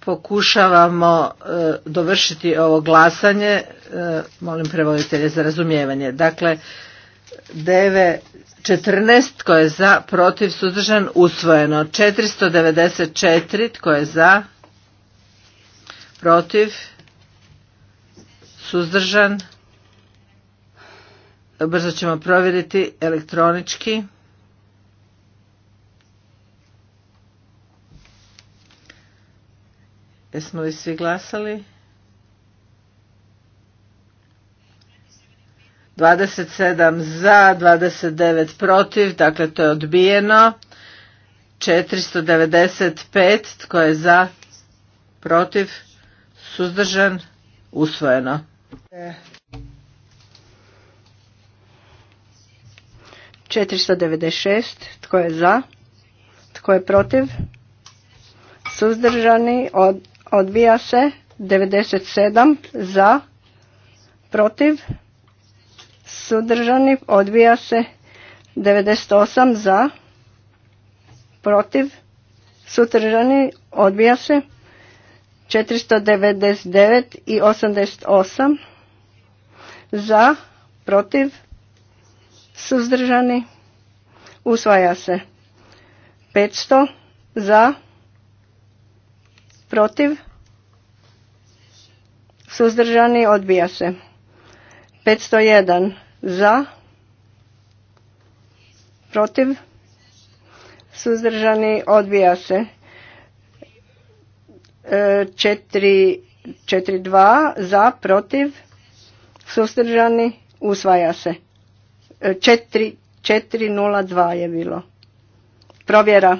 pokušavamo e, dovršiti ovo glasanje. E, molim prevoditelje za razumijevanje. Dakle, 9, 14 tko je za, protiv, suzdržan, usvojeno. 494 tko je za, protiv, suzdržan, brzo ćemo provjeriti elektronički. Jesmo li svi glasali? 27 za, 29 protiv, dakle to je odbijeno. 495, tko je za, protiv, suzdržan, usvojeno. 496, tko je za, tko je protiv, suzdržani, odbija se, sedam za, protiv, sudržani, odbija se 98 za, protiv, sudržani, odbija se 499 i 88 za, protiv, suzdržani, usvaja se 500 za, protiv, suzdržani, odbija se. 501 za, protiv, suzdržani, odbija se. 4-2 e, za, protiv, suzdržani, usvaja se. 4 e, 0 je bilo. Provjera.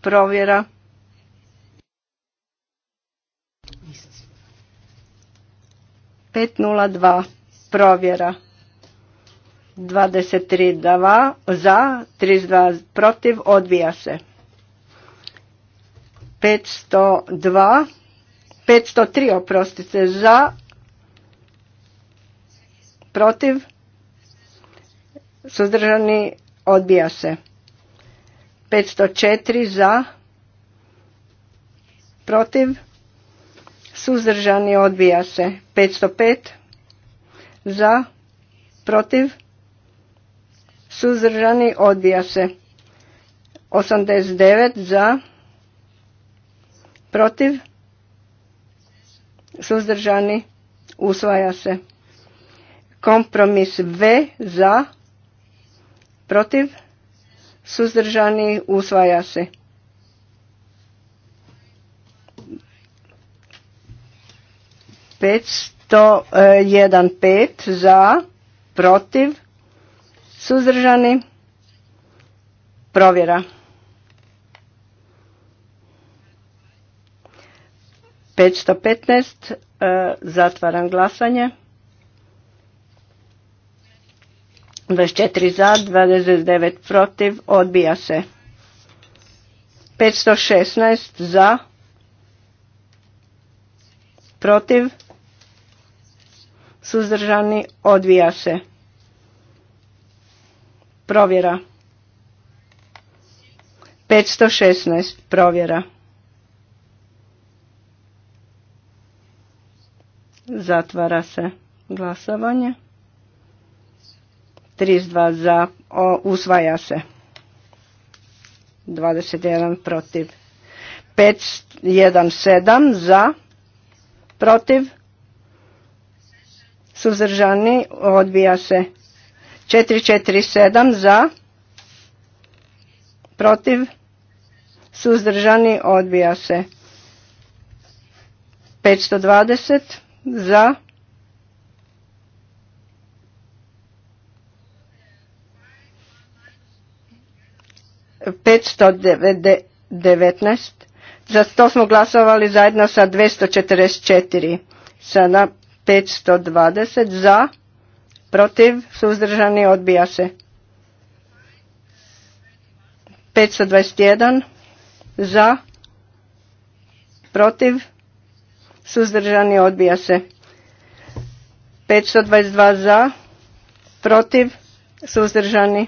Provjera. 502 provjera. 23 dava, za, 32 protiv, odbija se. 502, 503, oprostite, za, protiv, suzdržani, odbija se. 504 za, protiv, suzdržani odbija se 505 za protiv suzdržani odbija se 89 za protiv suzdržani usvaja se kompromis V za protiv suzdržani usvaja se 515 za, protiv, suzdržani, provjera. 515, e, zatvaram glasanje. 24 za, 29 protiv, odbija se. 516 za, protiv, suzdržani, odvija se. Provjera. 516 provjera. Zatvara se glasovanje. 32 za, o, usvaja se. 21 protiv. 517 za, protiv, suzdržani, odbija se. 447 za, protiv, suzdržani, odbija se. 520 za, petsto devetnaest za to smo glasovali zajedno sa 244. Sada 520 za, protiv, suzdržani, odbija se. 521 za, protiv, suzdržani, odbija se. 522 za, protiv, suzdržani,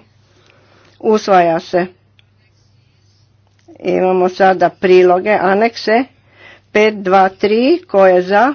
usvaja se. Imamo sada priloge, anekse. 523 koje je za,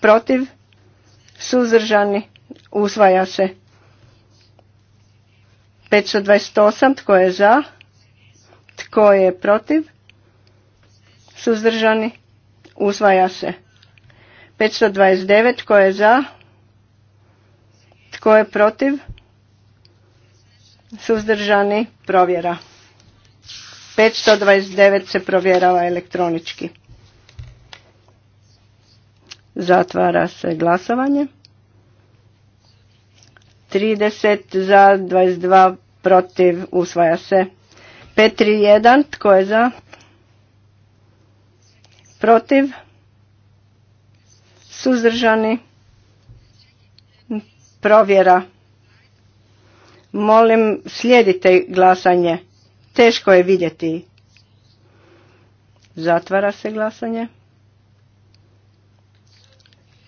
protiv, suzdržani, usvaja se. 528 tko je za, tko je protiv, suzdržani, usvaja se. 529 tko je za, tko je protiv, suzdržani, provjera. 529 se provjerava elektronički. Zatvara se glasovanje. 30 za, 22 protiv, usvaja se. 531, tko je za? Protiv? Suzdržani? Provjera. Molim, slijedite glasanje. Teško je vidjeti. Zatvara se glasanje.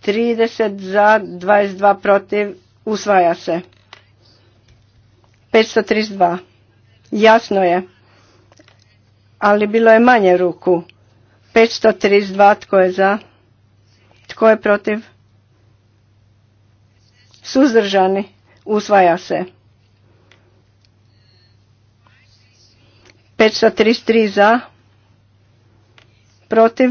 30 za, 22 protiv, usvaja se. 532. Jasno je, ali bilo je manje ruku. 532 tko je za, tko je protiv, suzdržani, usvaja se. 533 za, protiv,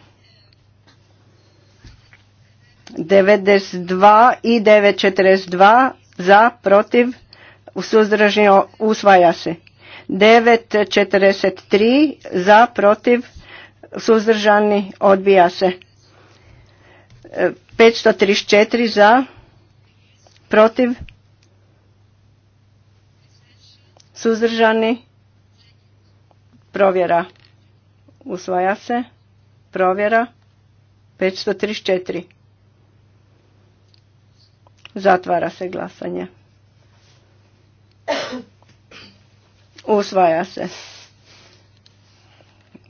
92 i 942 za, protiv, suzdržio, usvaja se. 943 za, protiv, suzdržani odbija se. 534 za, protiv, suzdržani, provjera, usvaja se, provjera, 534. Zatvara se glasanje. Usvaja se.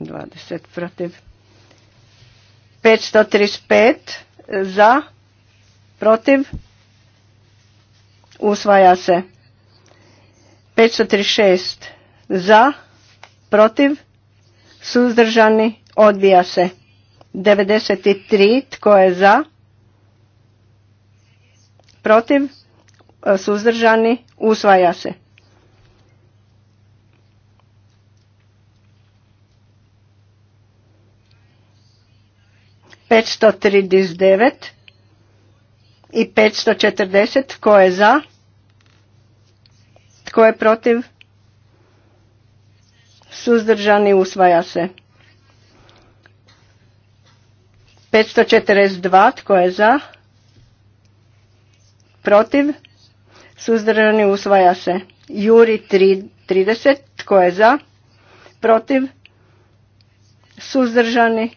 20 protiv. 535 za, protiv. Usvaja se. 536 za, protiv. Suzdržani odbija se. 93 tko je za, protiv, e, suzdržani, usvaja se. Petsto trideset i petsto četrdeset tko je za? Tko je protiv? Suzdržani usvaja se. 542 tko je za? protiv, suzdržani usvaja se. Juri 30, tko je za, protiv, suzdržani,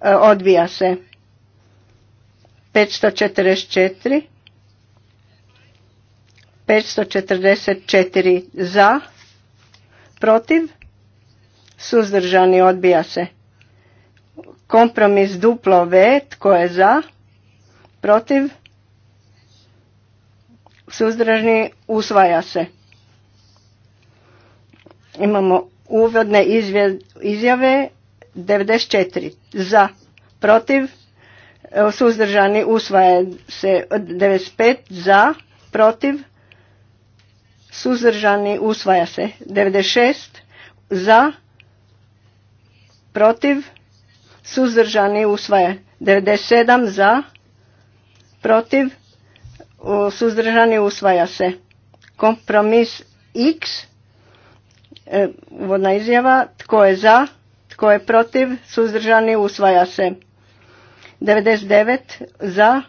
e, odbija se. 544, 544 za, protiv, suzdržani, odbija se. Kompromis duplo V, tko je za, protiv, suzdržani, usvaja se. Imamo uvodne izjave 94 e, za, protiv, suzdržani, usvaja se 95 za, protiv, suzdržani, usvaja se 96 za, protiv, suzdržani, usvaja 97 za, protiv, suzdržani usvaja se. Kompromis X, e, uvodna izjava, tko je za, tko je protiv, suzdržani usvaja se. 99 za,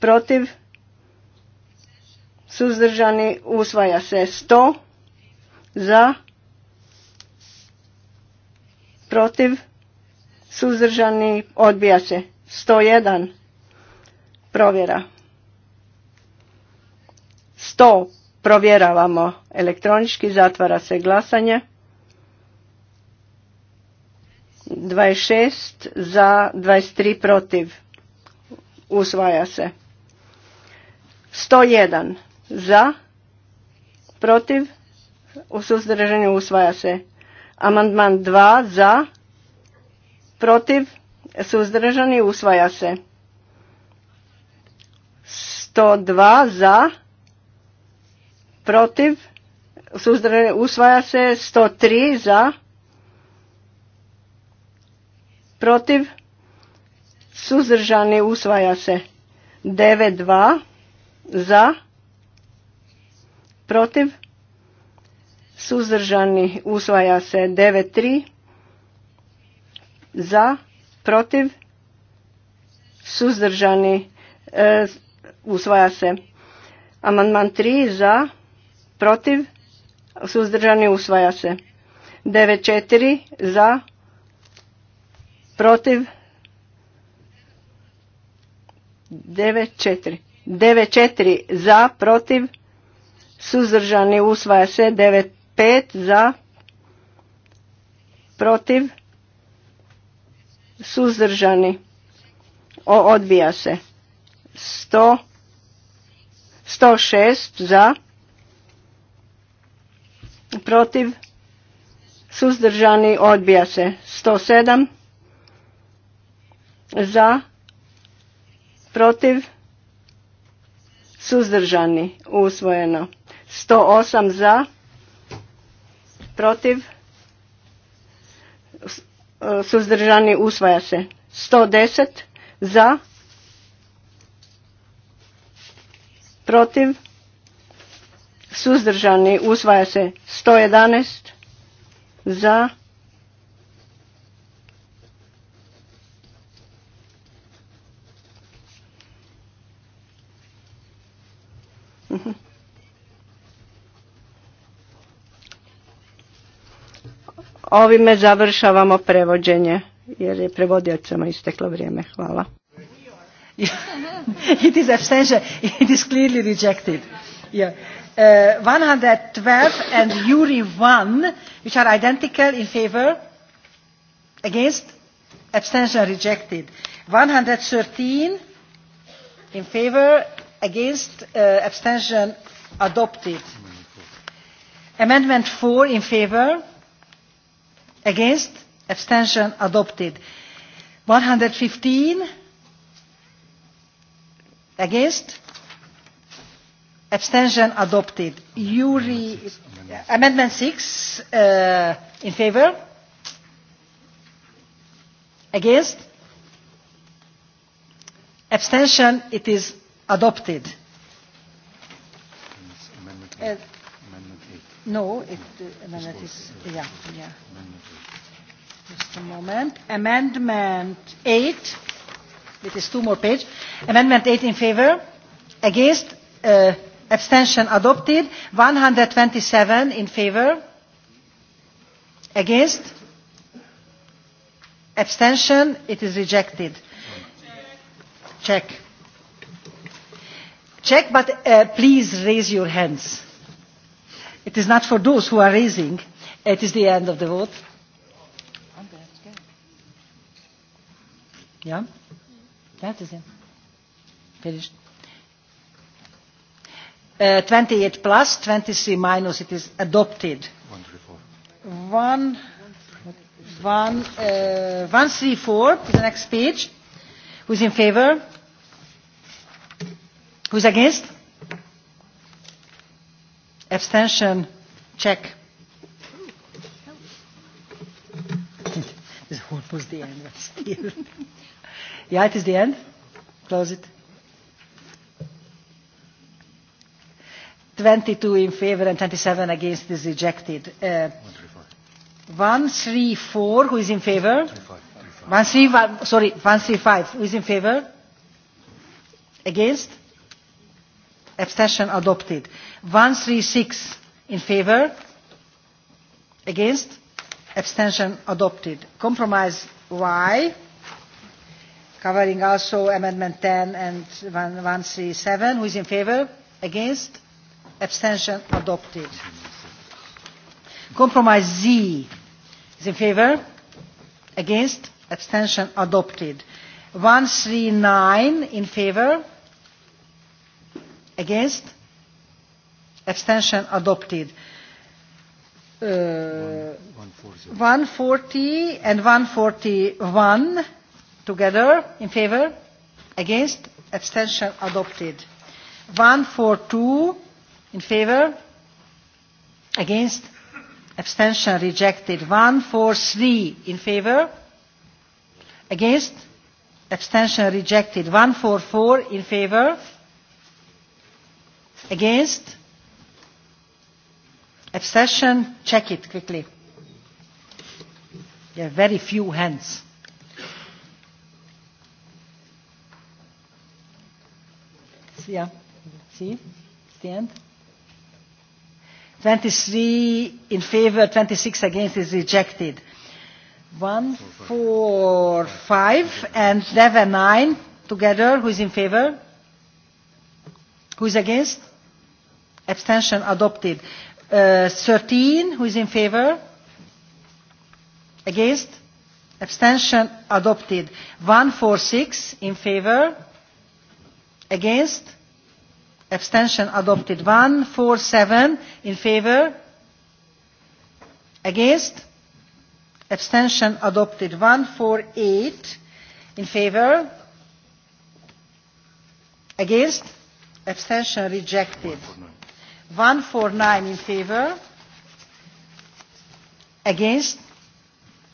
protiv, suzdržani usvaja se. 100 za, protiv, suzdržani odbija se. 101 provjera. Sto provjeravamo elektronički, zatvara se glasanje. 26 za, 23 protiv. Usvaja se. 101 za, protiv, u usvaja se. Amandman 2 za, protiv, suzdržani usvaja se. 102 za, protiv, usvaja se 103 za, protiv, suzdržani usvaja se 92 za, protiv, suzdržani usvaja se 93 za, protiv, suzdržani usvaja se. Amandman 3 za, protiv, suzdržani usvaja se. 94 za, protiv, 94. 94 za, protiv, suzdržani usvaja se. 95 za, protiv, suzdržani odbija se. 106 za, protiv, suzdržani odbija se 107 za, protiv, suzdržani usvojeno 108 za, protiv, e, suzdržani usvaja se 110 za, protiv, protiv, suzdržani, usvaja se 111, za, mhm. Ovime završavamo prevođenje jer je prevodioćama isteklo vrijeme. Hvala. <laughs> it is abstention. It is clearly rejected. 112 uh, and URI 1, which are identical in favor, against, abstention rejected. 113 uh, in favor, against, abstention adopted. Amendment 4 in favor, against, abstention adopted. 115 against abstention adopted Yuri, amendment 6 uh, in favor against abstention it is adopted no it, uh, amendment is yeah, yeah. just a moment amendment 8 it is two more pages amendment eight in favour against uh, abstention adopted one hundred and twenty seven in favour against abstention it is rejected check check but uh, please raise your hands it is not for those who are raising it is the end of the vote yeah That is it. Finished. 28 plus, 23 minus, it is adopted. 134. One, one, e, uh, 134 to the next page. Who's in favor? Who's against? Abstention. Check. <laughs> This is almost the end, but still. Yeah, it is the end. Close it. 22 in favor and 27 against is rejected. Uh, 134, who is in favor? 135, sorry, 135, who is in favor? Against? Abstention adopted. 136 in favor? Against? Abstention adopted. Compromise why covering also amendment 10 and 137 who is in favor against abstention adopted compromise z is in favor against abstention adopted 139 in favor against abstention adopted uh, 140 and 141 together in favor against abstention adopted One four two in favor against abstention rejected One four three in favor against abstention rejected One four four in favor against abstention check it quickly there are very few hands 23 in favor, 26 against is rejected. 1, 4, 5 and 7, 9 together. Who is in favor? Who is against? Abstention adopted. Uh, 13, who is in favor? Against? Abstention adopted. 6 in favor. Against? abstention adopted one four seven in favor against abstention adopted one four eight in favor against abstention rejected one four nine in favor against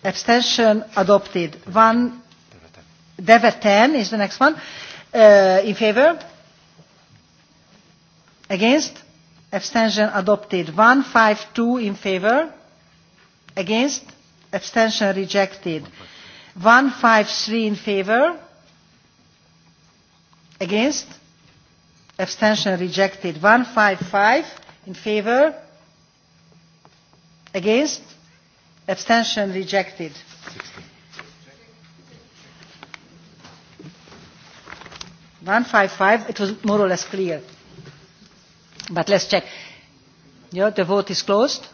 abstention adopted one Deva 10 is the next one uh, in favor against abstention adopted 152 in favor against abstention rejected 153 in favor against abstention rejected 155 in favor against abstention rejected 155 it was more or less clear But let's check. Yeah, the vote is closed.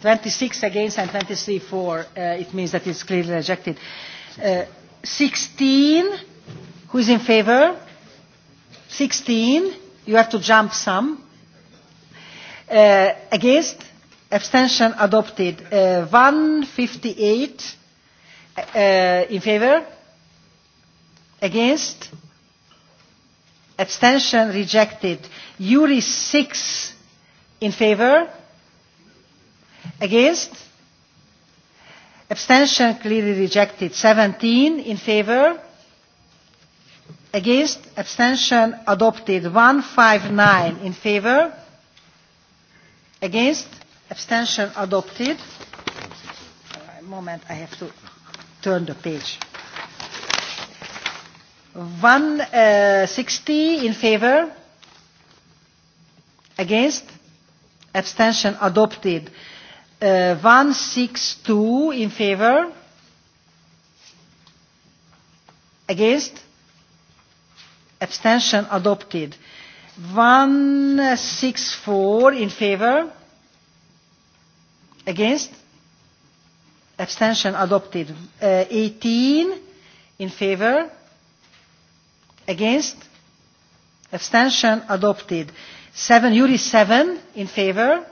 Twenty six against and twenty three for uh, it means that it's clearly rejected. Uh, sixteen who is in favor? Sixteen you have to jump some. Uh, against? Abstention adopted. Uh, 158 uh, in favor? against abstention rejected Yuri 6 in favor against abstention clearly rejected 17 in favor against abstention adopted 159 in favor against abstention adopted moment I have to turn the page 160 uh, in favor against abstention adopted uh, 162 in favor against abstention adopted 164 in favor against abstention adopted 18 uh, in favor against abstention adopted 7 Yuri 7 in favor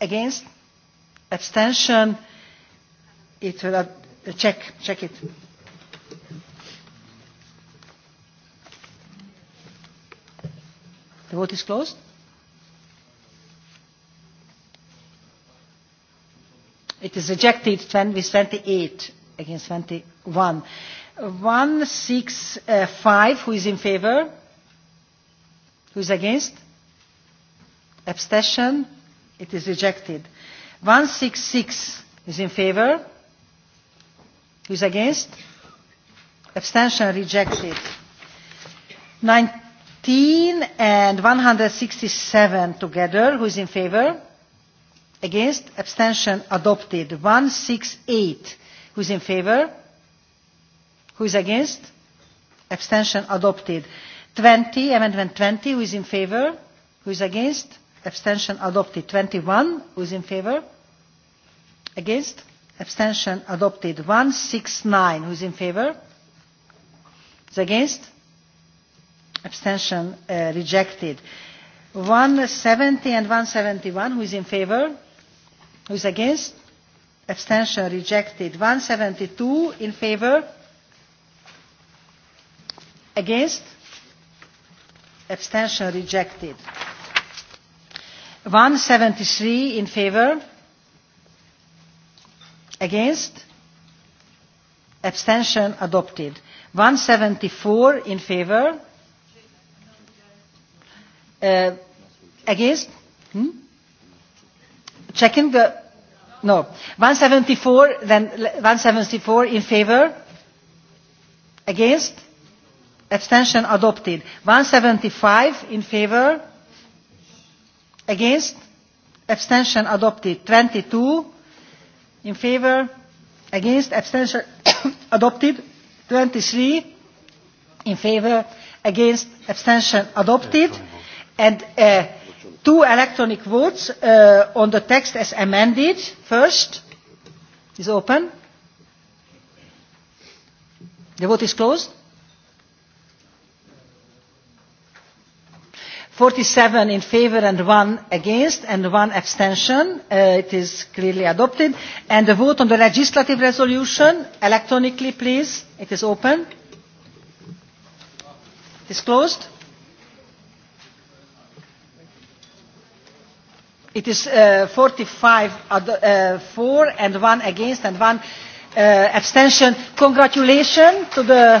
against abstention it will uh, check check it the vote is closed it is rejected 10 with 28 against 21 one six five who is in favor who is against abstention it is rejected one six six is in favor who is against abstention rejected nineteen and one hundred sixty seven together who is in favor against abstention adopted one six eight who is in favor who is against abstention adopted 20 amendment 20 who is in favor who is against abstention adopted 21 who is in favor against abstention adopted 169 who is in favor is against abstention uh, rejected 170 and 171 who is in favor who is against abstention rejected 172 in favor against abstention rejected 173 in favor against abstention adopted 174 in favor uh, against hmm? checking the no 174 then 174 in favor against abstention adopted 175 in favor against abstention adopted 22 in favor against abstention <coughs> adopted 23 in favor against abstention adopted and uh, two electronic votes uh, on the text as amended first is open the vote is closed forty seven in favour and one against and one abstention uh, it is clearly adopted and the vote on the legislative resolution electronically please it is open it is closed it is forty five uh, for uh, and one against and one uh, abstention congratulations to the